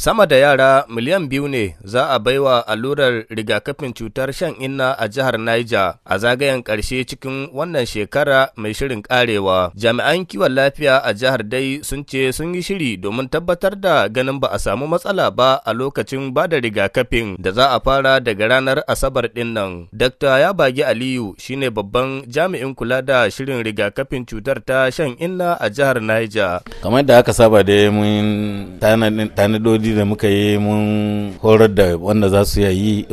Sama da yara miliyan biyu ne za a baiwa allurar rigakafin cutar shan inna a jihar Niger a zagayen ƙarshe cikin wannan shekara mai shirin ƙarewa. Jami'an kiwon lafiya a jihar dai sun ce sun yi shiri domin tabbatar da ganin ba a samu matsala ba a lokacin ba da rigakafin da za a fara daga ranar Asabar ɗin nan. Dr. Yabagi Aliyu shine babban jami'in kula da shirin rigakafin cutar ta shan inna a jihar Niger. Kamar da aka saba dai mun tanadodi tanadi da muka yi mun horar da wanda za su yi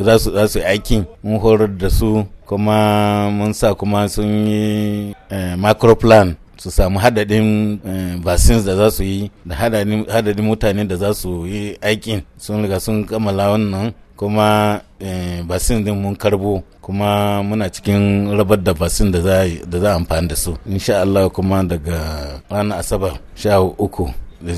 aikin mun horar da su kuma mun sa kuma sun yi eh, macroplan su samu hadadin eh, vaccines da za su yi da hadadin mutane da za su yi aikin sun riga sun kammala wannan kuma eh, vaccine din mun karbo kuma muna cikin rabar da vaccine da za a amfani da su insha Allah kuma daga ranar asabar sha uku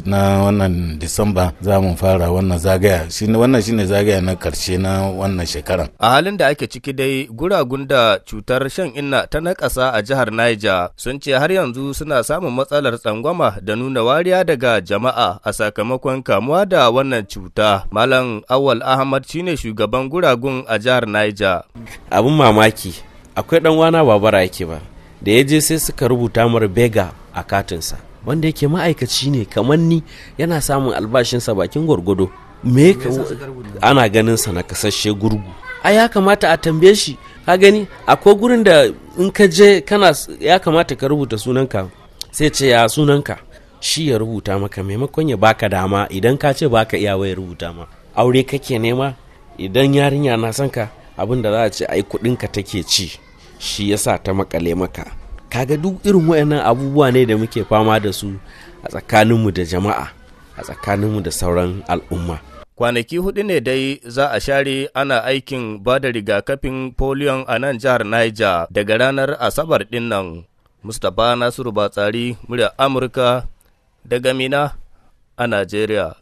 na wannan disamba za mu fara wannan zagaya wannan shine zagaya na karshe na wannan shekaran a halin da ake ciki dai guragun da cutar shan inna ta nakasa a jihar Niger sun ce har yanzu suna samun matsalar tsangwama da nuna wariya daga jama'a a sakamakon kamuwa da wannan cuta malam awal ahmad shine shugaban guragun a jihar Niger abun mamaki akwai dan wana babara yake ba da ya je sai suka rubuta mar bega a katinsa wanda yake ma'aikaci ne kamar ni yana samun albashinsa bakin gwargwado me ka ana ganin sa na kasashe gurgu a ya kamata a tambaye shi ka gani akwai gurin da in ka je kana ya kamata ka rubuta sunanka sai ce ya sunanka shi ya rubuta maka maimakon ya baka dama idan ka ce baka iya ya rubuta ma aure kake nema idan yarinya na son ka abin da za a ce ai ka take ci shi yasa ta makale maka kaga duk irin wayannan abubuwa ne da muke fama da su a tsakaninmu da jama'a a tsakaninmu da sauran al'umma kwanaki hudu ne dai za a share ana aikin ba da rigakafin polion a nan jihar niger daga ranar asabar din nan mustapha nasiru batsari murya amurka daga mina a nigeria